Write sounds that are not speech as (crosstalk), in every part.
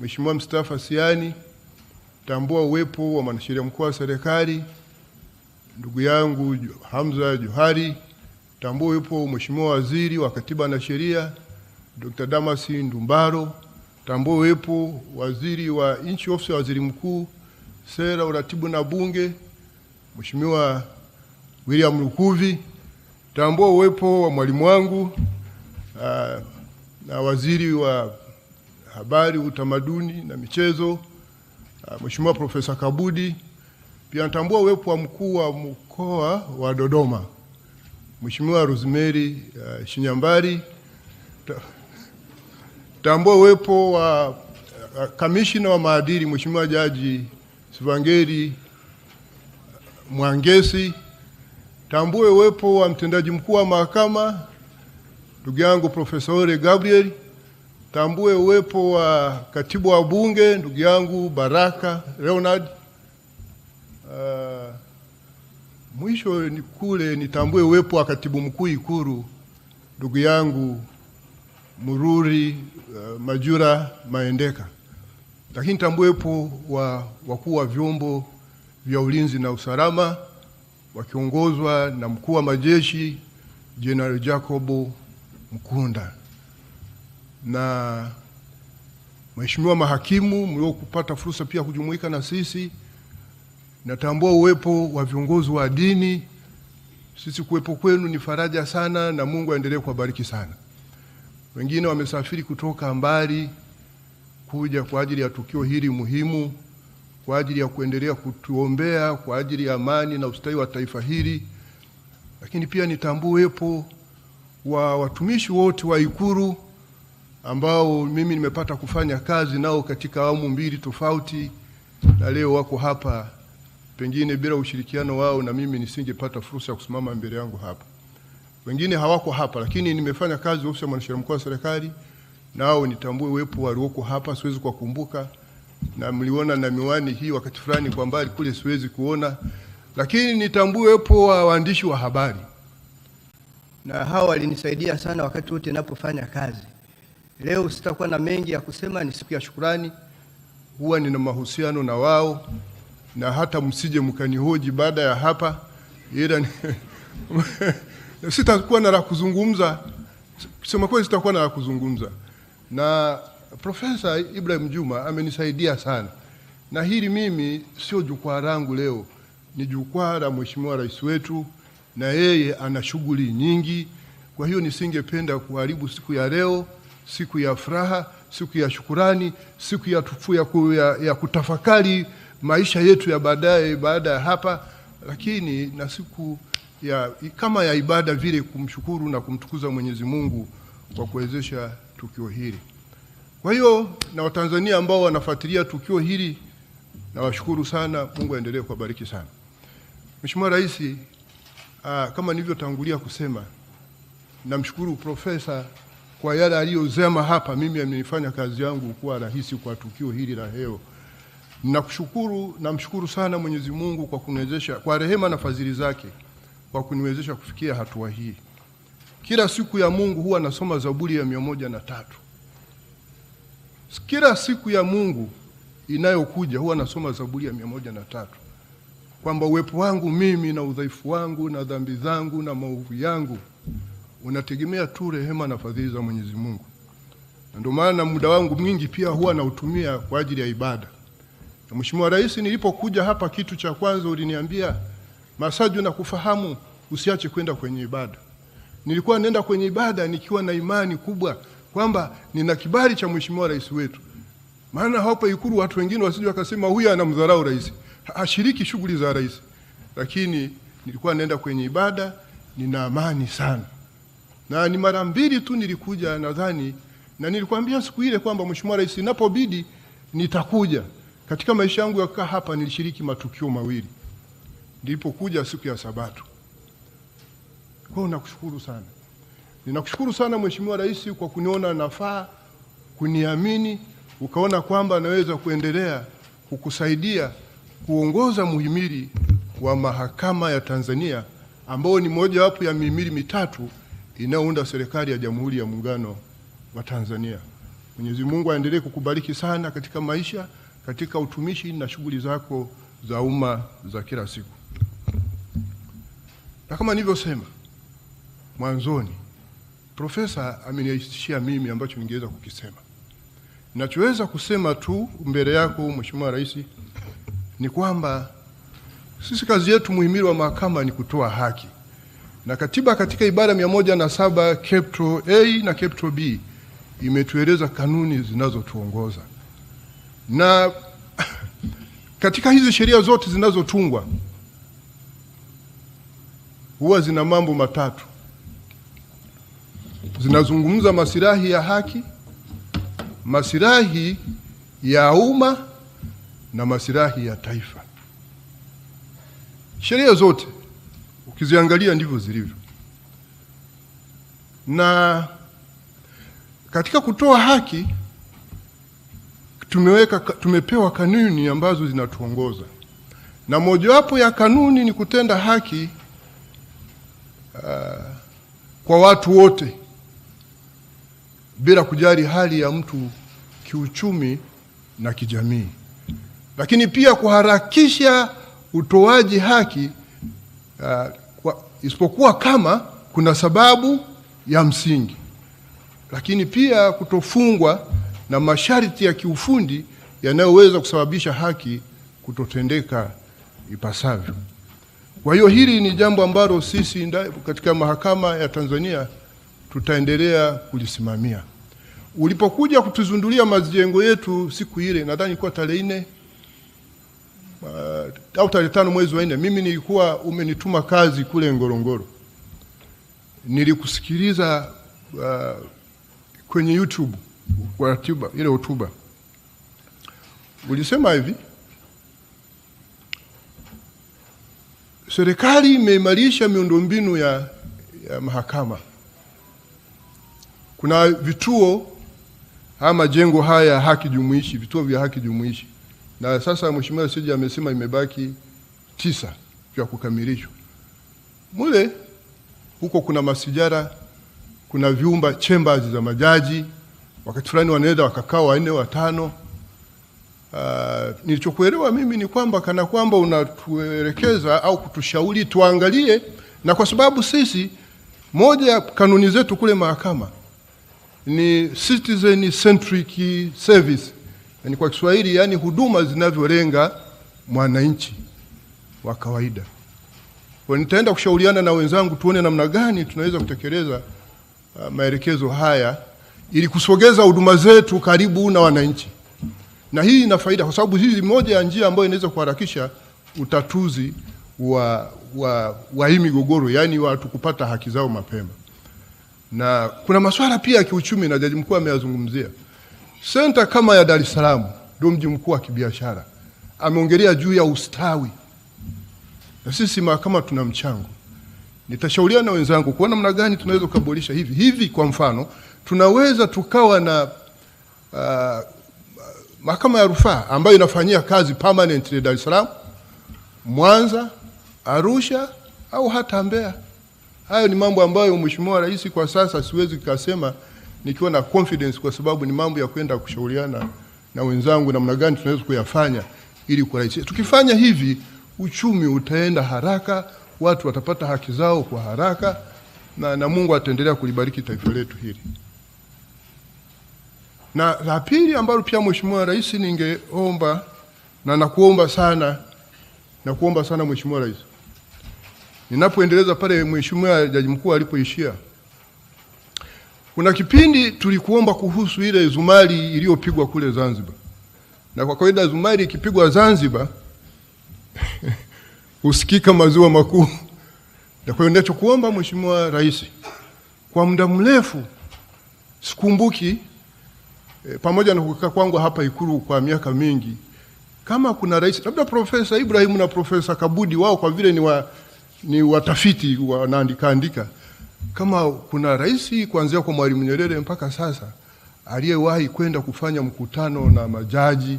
Mheshimiwa mstaafu Asiani, tambua uwepo wa mwanasheria mkuu wa serikali ndugu yangu Hamza Johari, tambua uwepo Mheshimiwa waziri wa katiba na sheria Dr. Damasi Ndumbaro, tambua uwepo waziri wa nchi ofisi ya waziri mkuu sera, uratibu na bunge Mheshimiwa William Lukuvi, tambua uwepo wa mwalimu wangu uh, na waziri wa habari, utamaduni na michezo, ah, Mheshimiwa Profesa Kabudi. Pia natambua uwepo wa mkuu wa mkoa wa Dodoma Mheshimiwa Rosemary uh, Shinyambari. Tambua uwepo wa uh, ah, kamishina wa maadili Mheshimiwa Jaji Sivangeri Mwangesi. Tambue uwepo wa mtendaji mkuu wa mahakama ndugu yangu Profesa Ole Gabriel. Tambue uwepo wa katibu wa bunge ndugu yangu Baraka Leonard. Uh, mwisho ni kule nitambue uwepo wa katibu mkuu Ikuru ndugu yangu Mururi uh, Majura Maendeka, lakini tambue uwepo wa wakuu wa vyombo vya ulinzi na usalama wakiongozwa na mkuu wa majeshi Jenerali Jacobo Mkunda na Mheshimiwa mahakimu mliokupata fursa pia kujumuika na sisi, natambua uwepo wa viongozi wa dini. Sisi kuwepo kwenu ni faraja sana, na Mungu aendelee kuwabariki sana. Wengine wamesafiri kutoka mbali kuja kwa ajili ya tukio hili muhimu, kwa ajili ya kuendelea kutuombea kwa ajili ya amani na ustawi wa taifa hili, lakini pia nitambua uwepo wa watumishi wote wa Ikulu ambao mimi nimepata kufanya kazi nao katika awamu mbili tofauti, na leo wako hapa. Pengine bila ushirikiano wao na mimi nisingepata fursa ya kusimama mbele yangu hapa. Wengine hawako hapa, lakini nimefanya kazi ofisi ya mwanasheria mkuu wa serikali, nao nitambue uwepo walioko hapa. Siwezi kuwakumbuka, na mliona na miwani hii wakati fulani kwa mbali kule, siwezi kuona, lakini nitambue uwepo wa waandishi wa habari, na hawa walinisaidia sana wakati wote ninapofanya kazi. Leo sitakuwa na mengi ya kusema, ni siku ya shukurani. Huwa nina mahusiano na wao na hata msije mkanihoji baada ya hapa, ila (laughs) sitakuwa na la kuzungumza. Kusema kweli, sitakuwa na la kuzungumza, na Profesa Ibrahim Juma amenisaidia sana, na hili mimi sio jukwaa langu leo, ni jukwaa la Mheshimiwa Rais wetu, na yeye ana shughuli nyingi. Kwa hiyo nisingependa kuharibu siku ya leo siku ya furaha, siku ya shukurani, siku ya, tufu ya, ku, ya, ya kutafakari maisha yetu ya baadaye baada ya hapa, lakini na siku ya kama ya ibada vile, kumshukuru na kumtukuza Mwenyezi Mungu kwa kuwezesha tukio hili. Kwa hiyo na Watanzania ambao wanafuatilia tukio hili nawashukuru sana. Mungu aendelee kuwabariki sana. Mheshimiwa Rais, ah, kama nilivyotangulia kusema, namshukuru Profesa kwa yale aliyosema hapa, mimi amenifanya kazi yangu kuwa rahisi kwa tukio hili la leo. Nakushukuru, namshukuru sana Mwenyezi Mungu kwa kuniwezesha kwa rehema na fadhili zake kwa kuniwezesha kufikia hatua hii. Kila siku ya Mungu huwa nasoma Zaburi ya mia moja na tatu. Kila siku ya Mungu inayokuja huwa nasoma Zaburi ya mia moja na tatu kwamba uwepo wangu mimi na udhaifu wangu na dhambi zangu na maovu yangu unategemea tu rehema na fadhili za Mwenyezi Mungu, na ndio maana muda wangu mwingi pia huwa nautumia kwa ajili ya ibada. Na Mheshimiwa Rais, nilipokuja hapa, kitu cha kwanza uliniambia, Masaju na kufahamu, usiache kwenda kwenye ibada. Nilikuwa naenda kwenye ibada nikiwa na imani kubwa kwamba nina kibali cha Mheshimiwa Rais wetu, maana hapa Ikulu watu wengine wasije wakasema huyu anamdharau rais, hashiriki shughuli za rais. Lakini nilikuwa naenda kwenye ibada, nina amani sana na ni mara mbili tu nilikuja nadhani, na nilikwambia siku ile kwamba Mheshimiwa Rais, inapobidi nitakuja. Katika maisha yangu ya kukaa hapa nilishiriki matukio mawili nilipokuja siku ya Sabato. Kwa hiyo nakushukuru sana, ninakushukuru sana Mheshimiwa Rais kwa kuniona nafaa, kuniamini, ukaona kwamba naweza kuendelea kukusaidia kuongoza muhimili wa mahakama ya Tanzania ambao ni mojawapo ya mihimili mitatu inayounda serikali ya Jamhuri ya Muungano wa Tanzania. Mwenyezi Mungu aendelee kukubariki sana katika maisha, katika utumishi na shughuli zako za umma za kila siku. Na kama nilivyosema mwanzoni, profesa ameniishia mimi ambacho ningeweza kukisema. Nachoweza kusema tu mbele yako Mheshimiwa Rais ni kwamba sisi kazi yetu, muhimili wa mahakama ni kutoa haki. Na katiba katika ibara mia moja na saba keptro A na keptro B imetueleza kanuni zinazotuongoza na (laughs) katika hizi sheria zote zinazotungwa huwa zina mambo matatu: zinazungumza masilahi ya haki, masilahi ya umma na masilahi ya taifa. Sheria zote ukiziangalia ndivyo zilivyo. Na katika kutoa haki tumeweka, tumepewa kanuni ambazo zinatuongoza na mojawapo ya kanuni ni kutenda haki uh, kwa watu wote bila kujali hali ya mtu kiuchumi na kijamii, lakini pia kuharakisha utoaji haki uh, isipokuwa kama kuna sababu ya msingi. Lakini pia kutofungwa na masharti ya kiufundi yanayoweza kusababisha haki kutotendeka ipasavyo. Kwa hiyo hili ni jambo ambalo sisi katika mahakama ya Tanzania tutaendelea kulisimamia. Ulipokuja kutuzundulia majengo yetu siku ile, nadhani ilikuwa tarehe nne Uh, au tarehe tano mwezi wa nne, mimi nilikuwa umenituma kazi kule Ngorongoro. Nilikusikiliza uh, kwenye YouTube kwa hotuba ile hotuba, ulisema hivi, serikali imeimarisha miundombinu ya, ya mahakama. Kuna vituo ama jengo haya haki jumuishi, vituo vya haki jumuishi na sasa Mheshimiwa Sidi amesema imebaki tisa vya kukamilishwa. Mule huko kuna masijara, kuna vyumba chambers za majaji, wakati fulani wanaenda wakakaa wanne watano. Uh, nilichokuelewa mimi ni kwamba kana kwamba unatuelekeza au kutushauri tuangalie, na kwa sababu sisi moja ya kanuni zetu kule mahakama ni citizen centric service yani kwa Kiswahili, yani huduma zinavyolenga mwananchi wa kawaida. Kwa nitaenda kushauriana na wenzangu tuone namna gani tunaweza kutekeleza uh, maelekezo haya ili kusogeza huduma zetu karibu na wananchi, na hii ina faida kwa sababu hii moja ya njia ambayo inaweza kuharakisha utatuzi wa, wa, wa hii migogoro, yaani watu kupata haki zao mapema, na kuna masuala pia ya kiuchumi na Jaji Mkuu ameyazungumzia. Senta kama ya Dar es Salaam ndio mji mkuu wa kibiashara. Ameongelea juu ya ustawi, na sisi mahakama tuna mchango. Nitashauriana na wenzangu kuona namna gani tunaweza kuboresha hivi hivi. Kwa mfano, tunaweza tukawa na uh, mahakama ya rufaa ambayo inafanyia kazi permanently Dar es Salaam, Mwanza, Arusha au hata Mbeya. Hayo ni mambo ambayo Mheshimiwa Rais kwa sasa siwezi kusema nikiwa na confidence, kwa sababu ni mambo ya kwenda kushauriana na wenzangu namna gani tunaweza kuyafanya ili kurahisisha. Tukifanya hivi, uchumi utaenda haraka, watu watapata haki zao kwa haraka na, na Mungu ataendelea kulibariki taifa letu hili. Na la pili ambalo pia Mheshimiwa Rais, ningeomba na nakuomba sana, nakuomba sana Mheshimiwa Rais, ninapoendeleza pale Mheshimiwa Jaji Mkuu alipoishia kuna kipindi tulikuomba kuhusu ile zumari iliyopigwa kule Zanzibar, na kwa kawaida zumari ikipigwa Zanzibar (laughs) husikika maziwa makuu. Na kwa hiyo ninachokuomba Mheshimiwa Rais, kwa muda mrefu sikumbuki e, pamoja na kukaa kwangu hapa Ikulu kwa miaka mingi, kama kuna rais labda Profesa Ibrahim na Profesa Kabudi, wao kwa vile ni, wa, ni watafiti wanaandika andika kama kuna rais kuanzia kwa Mwalimu Nyerere mpaka sasa aliyewahi kwenda kufanya mkutano na majaji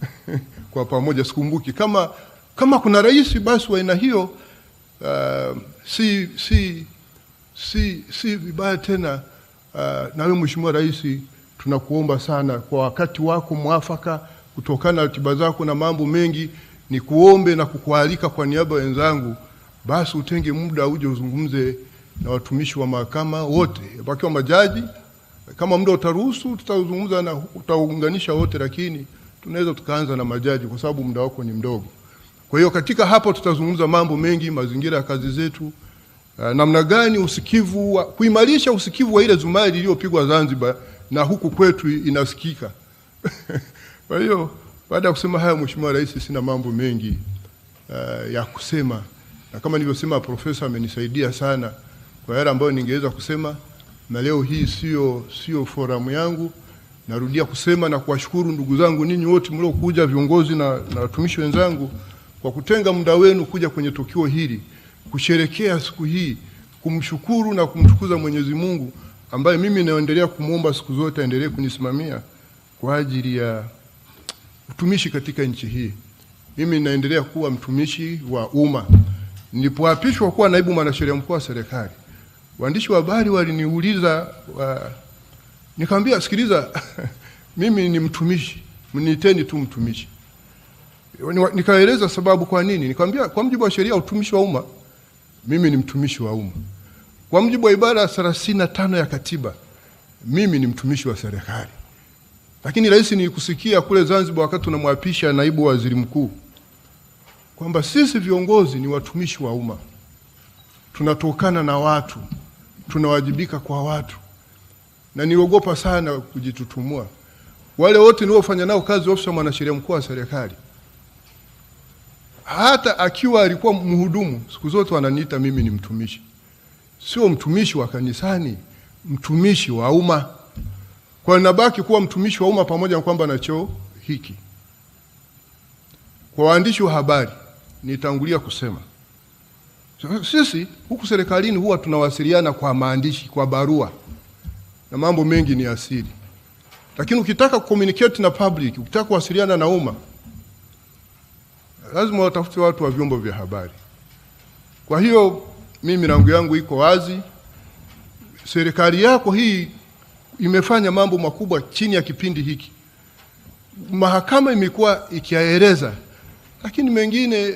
(laughs) kwa pamoja, sikumbuki. Kama, kama kuna rais basi wa aina hiyo uh, si, si, si, si vibaya tena uh, nawe Mheshimiwa Rais tunakuomba sana kwa wakati wako mwafaka, kutokana na ratiba zako na mambo mengi, ni kuombe na kukualika kwa niaba ya wenzangu, basi utenge muda uje uzungumze na watumishi wa mahakama wote wakiwa majaji. Kama muda utaruhusu, tutazungumza na utaunganisha wote, lakini tunaweza tukaanza na majaji kwa sababu muda wako ni mdogo. Kwa hiyo katika hapo tutazungumza mambo mengi, mazingira ya kazi zetu, eh, namna gani usikivu wa, kuimarisha usikivu wa ile zumari iliyopigwa Zanzibar na huku kwetu inasikika. (laughs) Kwa hiyo baada ya kusema haya, Mheshimiwa Rais, sina mambo mengi uh, ya kusema na kama nilivyosema, profesa amenisaidia sana. Kwa yale ambayo ningeweza kusema, na leo hii sio sio foramu yangu. Narudia kusema na kuwashukuru ndugu zangu ninyi wote mliokuja, viongozi na watumishi wenzangu, kwa kutenga muda wenu kuja kwenye tukio hili kusherekea siku hii, kumshukuru na kumtukuza Mwenyezi Mungu ambaye mimi naendelea kumwomba siku zote aendelee kunisimamia kwa ajili ya utumishi katika nchi hii. Mimi naendelea kuwa mtumishi wa umma. Nilipoapishwa kuwa naibu mwanasheria mkuu wa serikali Waandishi wa habari waliniuliza wa, nikamwambia sikiliza, (laughs) mimi ni mtumishi, mniteni tu mtumishi. Nikaeleza sababu kwa nini. Nikamwambia kwa mjibu wa sheria ya utumishi wa umma, mimi ni mtumishi wa umma. Kwa mjibu wa ibara ya thelathini na tano ya katiba, mimi ni mtumishi wa serikali. Lakini rais, nikusikia kule Zanzibar wakati tunamwapisha naibu waziri mkuu kwamba sisi viongozi ni watumishi wa umma, tunatokana na watu tunawajibika kwa watu, na niogopa sana kujitutumua. Wale wote niliofanya nao kazi ofisi ya mwanasheria mkuu wa serikali, hata akiwa alikuwa mhudumu, siku zote wananiita mimi ni mtumishi, sio mtumishi wa kanisani, mtumishi wa umma. Kwa nabaki kuwa mtumishi wa umma pamoja na kwamba na cheo hiki. Kwa waandishi wa habari, nitangulia kusema sisi huku serikalini huwa tunawasiliana kwa maandishi, kwa barua na mambo mengi ni asili lakini ukitaka communicate na public, ukitaka kuwasiliana na umma, lazima watafute watu wa vyombo vya habari. Kwa hiyo mimi milango yangu iko wazi. Serikali yako hii imefanya mambo makubwa chini ya kipindi hiki. Mahakama imekuwa ikiyaeleza, lakini mengine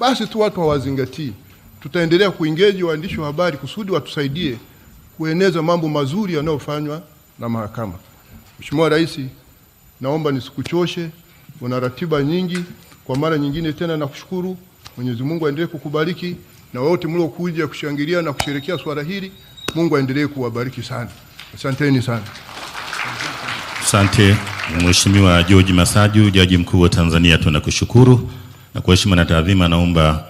basi tu watu hawazingatii tutaendelea kuingeji waandishi wa habari kusudi watusaidie kueneza mambo mazuri yanayofanywa na mahakama. Mheshimiwa Rais, naomba nisikuchoshe, una ratiba nyingi. Kwa mara nyingine tena nakushukuru. Mwenyezi Mungu aendelee kukubariki na wote mliokuja kushangilia na kusherekea swala hili, Mungu aendelee kuwabariki sana. Asanteni sana. Asante Mheshimiwa George Masaju, Jaji Mkuu wa Tanzania, tunakushukuru na kwa heshima na taadhima, naomba